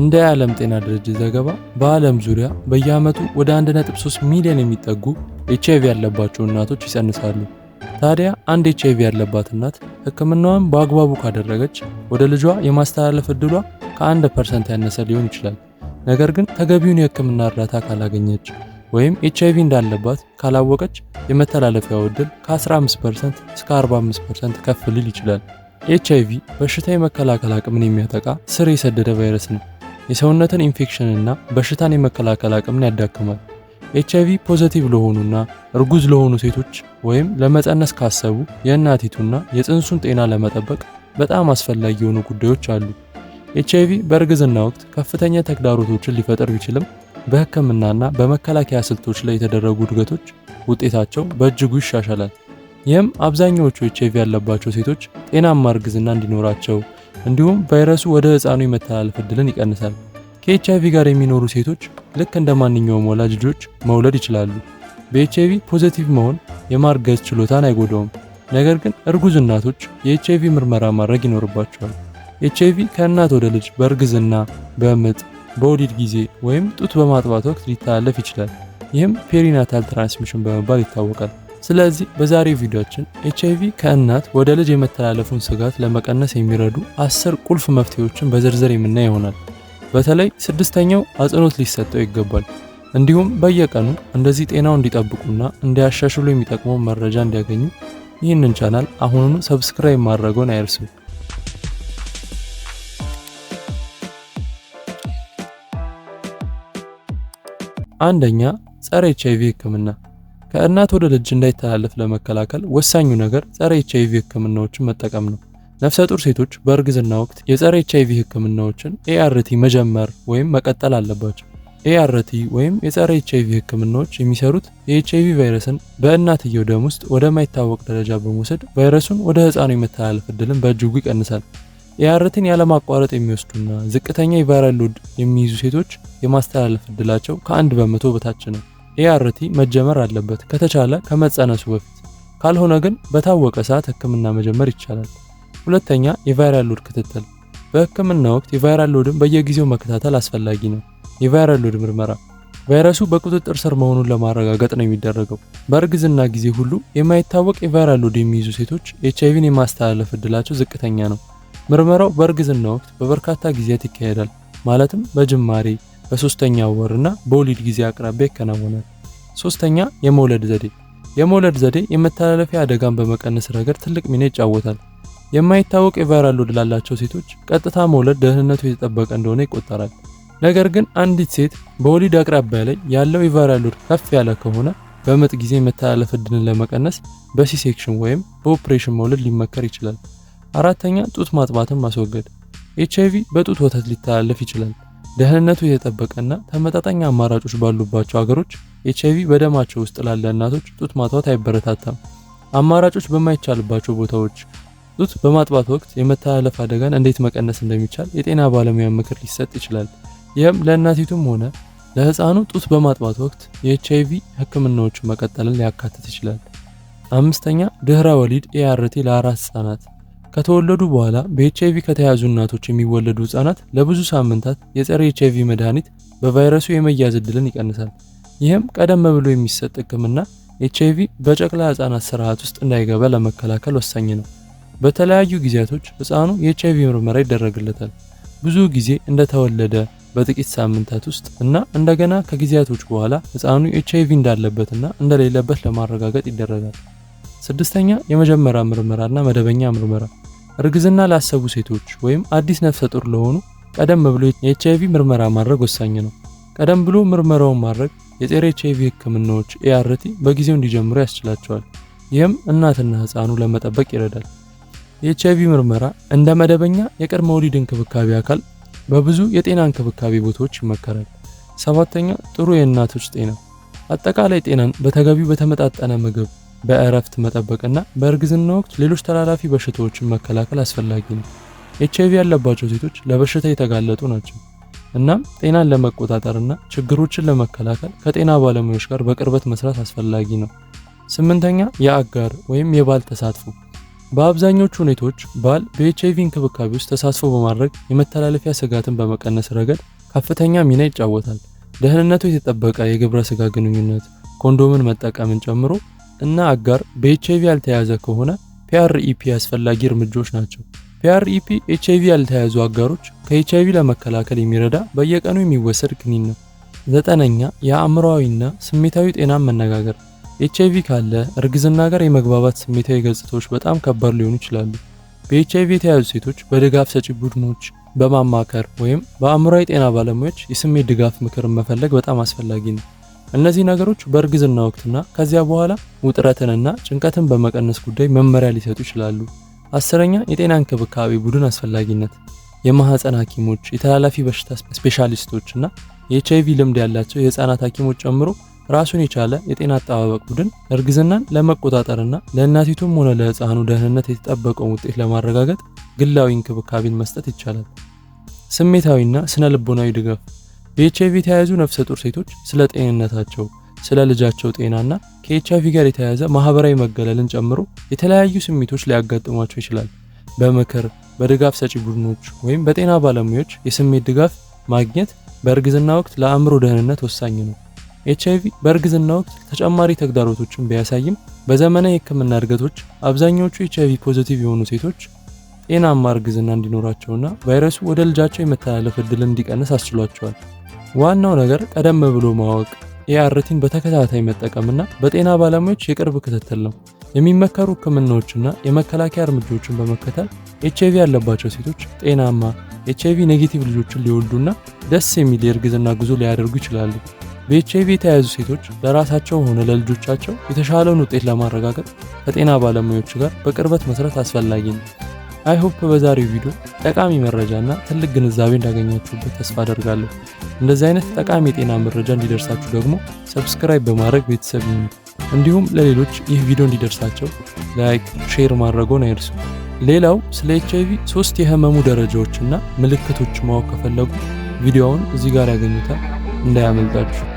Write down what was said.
እንደ የዓለም ጤና ድርጅት ዘገባ በዓለም ዙሪያ በየዓመቱ ወደ 1.3 ሚሊዮን የሚጠጉ ኤች አይቪ ያለባቸው እናቶች ይጸንሳሉ። ታዲያ አንድ ኤች አይቪ ያለባት እናት ሕክምናዋን በአግባቡ ካደረገች ወደ ልጇ የማስተላለፍ እድሏ ከአንድ ፐርሰንት ያነሰ ሊሆን ይችላል። ነገር ግን ተገቢውን የሕክምና እርዳታ ካላገኘች ወይም ኤች አይቪ እንዳለባት ካላወቀች የመተላለፊያው እድል ከ15% እስከ 45% ከፍ ሊል ይችላል። ኤች አይቪ በሽታ የመከላከል አቅምን የሚያጠቃ ስር የሰደደ ቫይረስ ነው። የሰውነትን ኢንፌክሽንና በሽታን የመከላከል አቅምን ያዳክማል። ኤች አይቪ ፖዘቲቭ ለሆኑና እርጉዝ ለሆኑ ሴቶች ወይም ለመጸነስ ካሰቡ የእናቲቱና የጽንሱን ጤና ለመጠበቅ በጣም አስፈላጊ የሆኑ ጉዳዮች አሉ። ኤች አይቪ በእርግዝና ወቅት ከፍተኛ ተግዳሮቶችን ሊፈጥር ቢችልም በሕክምናና በመከላከያ ስልቶች ላይ የተደረጉ እድገቶች ውጤታቸው በእጅጉ ይሻሻላል። ይህም አብዛኛዎቹ ኤች አይቪ ያለባቸው ሴቶች ጤናማ እርግዝና እንዲኖራቸው እንዲሁም ቫይረሱ ወደ ህፃኑ የመተላለፍ እድልን ይቀንሳል። ከኤች አይቪ ጋር የሚኖሩ ሴቶች ልክ እንደ ማንኛውም ወላጅ ልጆች መውለድ ይችላሉ። በኤች አይቪ ፖዘቲቭ መሆን የማርገዝ ችሎታን አይጎዳውም። ነገር ግን እርጉዝ እናቶች የኤች አይቪ ምርመራ ማድረግ ይኖርባቸዋል። ኤች አይቪ ከእናት ወደ ልጅ በእርግዝና፣ በምጥ፣ በወሊድ ጊዜ ወይም ጡት በማጥባት ወቅት ሊተላለፍ ይችላል። ይህም ፔሪናታል ትራንስሚሽን በመባል ይታወቃል። ስለዚህ በዛሬው ቪዲዮችን አይቪ ከእናት ወደ ልጅ የመተላለፉን ስጋት ለመቀነስ የሚረዱ አስር ቁልፍ መፍትሄዎችን በዝርዝር የምናይ ይሆናል። በተለይ ስድስተኛው አጽንኦት ሊሰጠው ይገባል። እንዲሁም በየቀኑ እንደዚህ ጤናው እንዲጠብቁና እንዲያሻሽሉ የሚጠቅመውን መረጃ እንዲያገኙ ይህንን ቻናል አሁኑኑ ሰብስክራይብ ማድረጎን አይርሱ። አንደኛ ጸረ ኤች አይቪ ህክምና ከእናት ወደ ልጅ እንዳይተላለፍ ለመከላከል ወሳኙ ነገር ጸረ ኤች አይቪ ህክምናዎችን መጠቀም ነው። ነፍሰ ጡር ሴቶች በእርግዝና ወቅት የጸረ ኤች አይቪ ህክምናዎችን ኤአርቲ መጀመር ወይም መቀጠል አለባቸው። ኤአርቲ ወይም የጸረ ኤች ህክምናዎች የሚሰሩት የኤች አይቪ ቫይረስን በእናትየው ደም ውስጥ ወደማይታወቅ ደረጃ በመውሰድ ቫይረሱን ወደ ህፃኑ የመተላለፍ እድልን በእጅጉ ይቀንሳል። ኤአርቲን ያለማቋረጥ የሚወስዱና ዝቅተኛ የቫይራል ሎድ የሚይዙ ሴቶች የማስተላለፍ እድላቸው ከአንድ በመቶ በታች ነው። ኤአርቲ መጀመር አለበት ከተቻለ ከመጸነሱ በፊት ካልሆነ ግን በታወቀ ሰዓት ህክምና መጀመር ይቻላል። ሁለተኛ የቫይራል ሎድ ክትትል። በህክምና ወቅት የቫይራል ሎድን በየጊዜው መከታተል አስፈላጊ ነው። የቫይራል ሎድ ምርመራ ቫይረሱ በቁጥጥር ስር መሆኑን ለማረጋገጥ ነው የሚደረገው። በእርግዝና ጊዜ ሁሉ የማይታወቅ የቫይራል ሎድ የሚይዙ ሴቶች ኤችአይቪን የማስተላለፍ እድላቸው ዝቅተኛ ነው። ምርመራው በእርግዝና ወቅት በበርካታ ጊዜያት ይካሄዳል። ማለትም በጅማሬ በሶስተኛው ወርና በወሊድ ጊዜ አቅራቢያ ይከናወናል። ሶስተኛ የመውለድ ዘዴ የመውለድ ዘዴ የመተላለፊያ አደጋን በመቀነስ ረገድ ትልቅ ሚና ይጫወታል። የማይታወቅ የቫይራል ሎድ ላላቸው ሴቶች ቀጥታ መውለድ ደህንነቱ የተጠበቀ እንደሆነ ይቆጠራል። ነገር ግን አንዲት ሴት በወሊድ አቅራቢያ ላይ ያለው የቫይራል ሎድ ከፍ ያለ ከሆነ በምጥ ጊዜ የመተላለፍ እድልን ለመቀነስ በሲሴክሽን ወይም በኦፕሬሽን መውለድ ሊመከር ይችላል። አራተኛ ጡት ማጥባትን ማስወገድ ኤች አይ ቪ በጡት ወተት ሊተላለፍ ይችላል። ደህንነቱ የተጠበቀና ተመጣጣኝ አማራጮች ባሉባቸው ሀገሮች ኤች አይቪ በደማቸው ውስጥ ላለ እናቶች ጡት ማጥባት አይበረታታም። አማራጮች በማይቻልባቸው ቦታዎች ጡት በማጥባት ወቅት የመተላለፍ አደጋን እንዴት መቀነስ እንደሚቻል የጤና ባለሙያ ምክር ሊሰጥ ይችላል። ይህም ለእናቲቱም ሆነ ለህፃኑ ጡት በማጥባት ወቅት የኤች አይቪ ህክምናዎችን መቀጠልን ሊያካትት ይችላል። አምስተኛ ድህረ ወሊድ ኤአርቲ ለአራስ ህጻናት ከተወለዱ በኋላ በኤችአይቪ ከተያዙ እናቶች የሚወለዱ ህጻናት ለብዙ ሳምንታት የጸረ ኤችአይቪ መድኃኒት በቫይረሱ የመያዝ እድልን ይቀንሳል። ይህም ቀደም ብሎ የሚሰጥ ህክምና ኤችአይቪ በጨቅላ ህጻናት ስርዓት ውስጥ እንዳይገባ ለመከላከል ወሳኝ ነው። በተለያዩ ጊዜያቶች ህፃኑ የኤችአይቪ ምርመራ ይደረግለታል። ብዙ ጊዜ እንደተወለደ በጥቂት ሳምንታት ውስጥ እና እንደገና ከጊዜያቶች በኋላ ህፃኑ ኤችአይቪ እንዳለበትና እንደሌለበት ለማረጋገጥ ይደረጋል። ስድስተኛ የመጀመሪያ ምርመራና መደበኛ ምርመራ እርግዝና ላሰቡ ሴቶች ወይም አዲስ ነፍሰ ጡር ለሆኑ ቀደም ብሎ የኤች አይቪ ምርመራ ማድረግ ወሳኝ ነው። ቀደም ብሎ ምርመራውን ማድረግ የጸረ ኤች አይቪ ህክምናዎች ኤአርቲ በጊዜው እንዲጀምሩ ያስችላቸዋል። ይህም እናትና ህፃኑ ለመጠበቅ ይረዳል። የኤች አይቪ ምርመራ እንደ መደበኛ የቅድመ ወሊድ እንክብካቤ አካል በብዙ የጤና እንክብካቤ ቦታዎች ይመከራል። ሰባተኛ ጥሩ የእናቶች ጤና አጠቃላይ ጤናን በተገቢው በተመጣጠነ ምግብ በእረፍት መጠበቅና በእርግዝና ወቅት ሌሎች ተላላፊ በሽታዎችን መከላከል አስፈላጊ ነው። ኤች አይቪ ያለባቸው ሴቶች ለበሽታ የተጋለጡ ናቸው። እናም ጤናን ለመቆጣጠርና ችግሮችን ለመከላከል ከጤና ባለሙያዎች ጋር በቅርበት መስራት አስፈላጊ ነው። ስምንተኛ የአጋር ወይም የባል ተሳትፎ። በአብዛኞቹ ሁኔታዎች ባል በኤች አይቪ እንክብካቤ ውስጥ ተሳትፎ በማድረግ የመተላለፊያ ስጋትን በመቀነስ ረገድ ከፍተኛ ሚና ይጫወታል። ደህንነቱ የተጠበቀ የግብረ ስጋ ግንኙነት ኮንዶምን መጠቀምን ጨምሮ እና አጋር በኤችአይቪ ያልተያዘ ከሆነ ፒአርኢፒ አስፈላጊ እርምጃዎች ናቸው። ፒአርኢፒ ኤችአይቪ ያልተያዙ አጋሮች ከኤችአይቪ ለመከላከል የሚረዳ በየቀኑ የሚወሰድ ክኒን ነው። ዘጠነኛ የአእምሮዊና ስሜታዊ ጤናን መነጋገር። ኤችአይቪ ካለ እርግዝና ጋር የመግባባት ስሜታዊ ገጽታዎች በጣም ከባድ ሊሆኑ ይችላሉ። በኤችአይቪ የተያዙ ሴቶች በድጋፍ ሰጪ ቡድኖች በማማከር ወይም በአእምሮዊ ጤና ባለሙያዎች የስሜት ድጋፍ ምክር መፈለግ በጣም አስፈላጊ ነው። እነዚህ ነገሮች በእርግዝና ወቅትና ከዚያ በኋላ ውጥረትንና ጭንቀትን በመቀነስ ጉዳይ መመሪያ ሊሰጡ ይችላሉ። አስረኛ የጤና እንክብካቤ ቡድን አስፈላጊነት የማህፀን ሐኪሞች፣ የተላላፊ በሽታ ስፔሻሊስቶች እና አይቪ ልምድ ያላቸው የህፃናት ሐኪሞች ጨምሮ ራሱን የቻለ የጤና አጠባበቅ ቡድን እርግዝናን ለመቆጣጠርና ለእናቲቱም ሆነ ለህፃኑ ደህንነት የተጠበቀውን ውጤት ለማረጋገጥ ግላዊ እንክብካቤን መስጠት ይቻላል። ስሜታዊና ስነ ልቦናዊ ድጋፍ በኤችአይቪ የተያያዙ ነፍሰ ጡር ሴቶች ስለ ጤንነታቸው፣ ስለ ልጃቸው ጤናና ከኤችአይቪ ጋር የተያያዘ ማህበራዊ መገለልን ጨምሮ የተለያዩ ስሜቶች ሊያጋጥሟቸው ይችላል። በምክር በድጋፍ ሰጪ ቡድኖች ወይም በጤና ባለሙያዎች የስሜት ድጋፍ ማግኘት በእርግዝና ወቅት ለአእምሮ ደህንነት ወሳኝ ነው። ኤችአይቪ በእርግዝና ወቅት ተጨማሪ ተግዳሮቶችን ቢያሳይም በዘመናዊ የሕክምና እድገቶች አብዛኛዎቹ ኤችአይቪ ፖዚቲቭ የሆኑ ሴቶች ጤናማ እርግዝና እንዲኖራቸውና ቫይረሱ ወደ ልጃቸው የመተላለፍ እድል እንዲቀንስ አስችሏቸዋል። ዋናው ነገር ቀደም ብሎ ማወቅ፣ ኤአርቲን በተከታታይ መጠቀምና በጤና ባለሙያዎች የቅርብ ክትትል ነው። የሚመከሩ ህክምናዎችና የመከላከያ እርምጃዎችን በመከተል ኤችአይቪ ያለባቸው ሴቶች ጤናማ ኤችአይቪ ኔጌቲቭ ልጆችን ሊወልዱና ደስ የሚል የእርግዝና ጉዞ ሊያደርጉ ይችላሉ። በኤችአይቪ የተያዙ ሴቶች ለራሳቸው ሆነ ለልጆቻቸው የተሻለውን ውጤት ለማረጋገጥ ከጤና ባለሙያዎች ጋር በቅርበት መስራት አስፈላጊ ነው። አይሆፕ በዛሬው ቪዲዮ ጠቃሚ መረጃና ትልቅ ግንዛቤ እንዳገኛችሁበት ተስፋ አደርጋለሁ። እንደዚህ አይነት ጠቃሚ የጤና መረጃ እንዲደርሳችሁ ደግሞ ሰብስክራይብ በማድረግ ቤተሰብ ይሁኑ። እንዲሁም ለሌሎች ይህ ቪዲዮ እንዲደርሳቸው ላይክ፣ ሼር ማድረጎን አይርሱ። ሌላው ስለ ኤችአይቪ ሶስት የህመሙ ደረጃዎችና ምልክቶች ማወቅ ከፈለጉ ቪዲዮውን እዚህ ጋር ያገኙታል፣ እንዳያመልጣችሁ።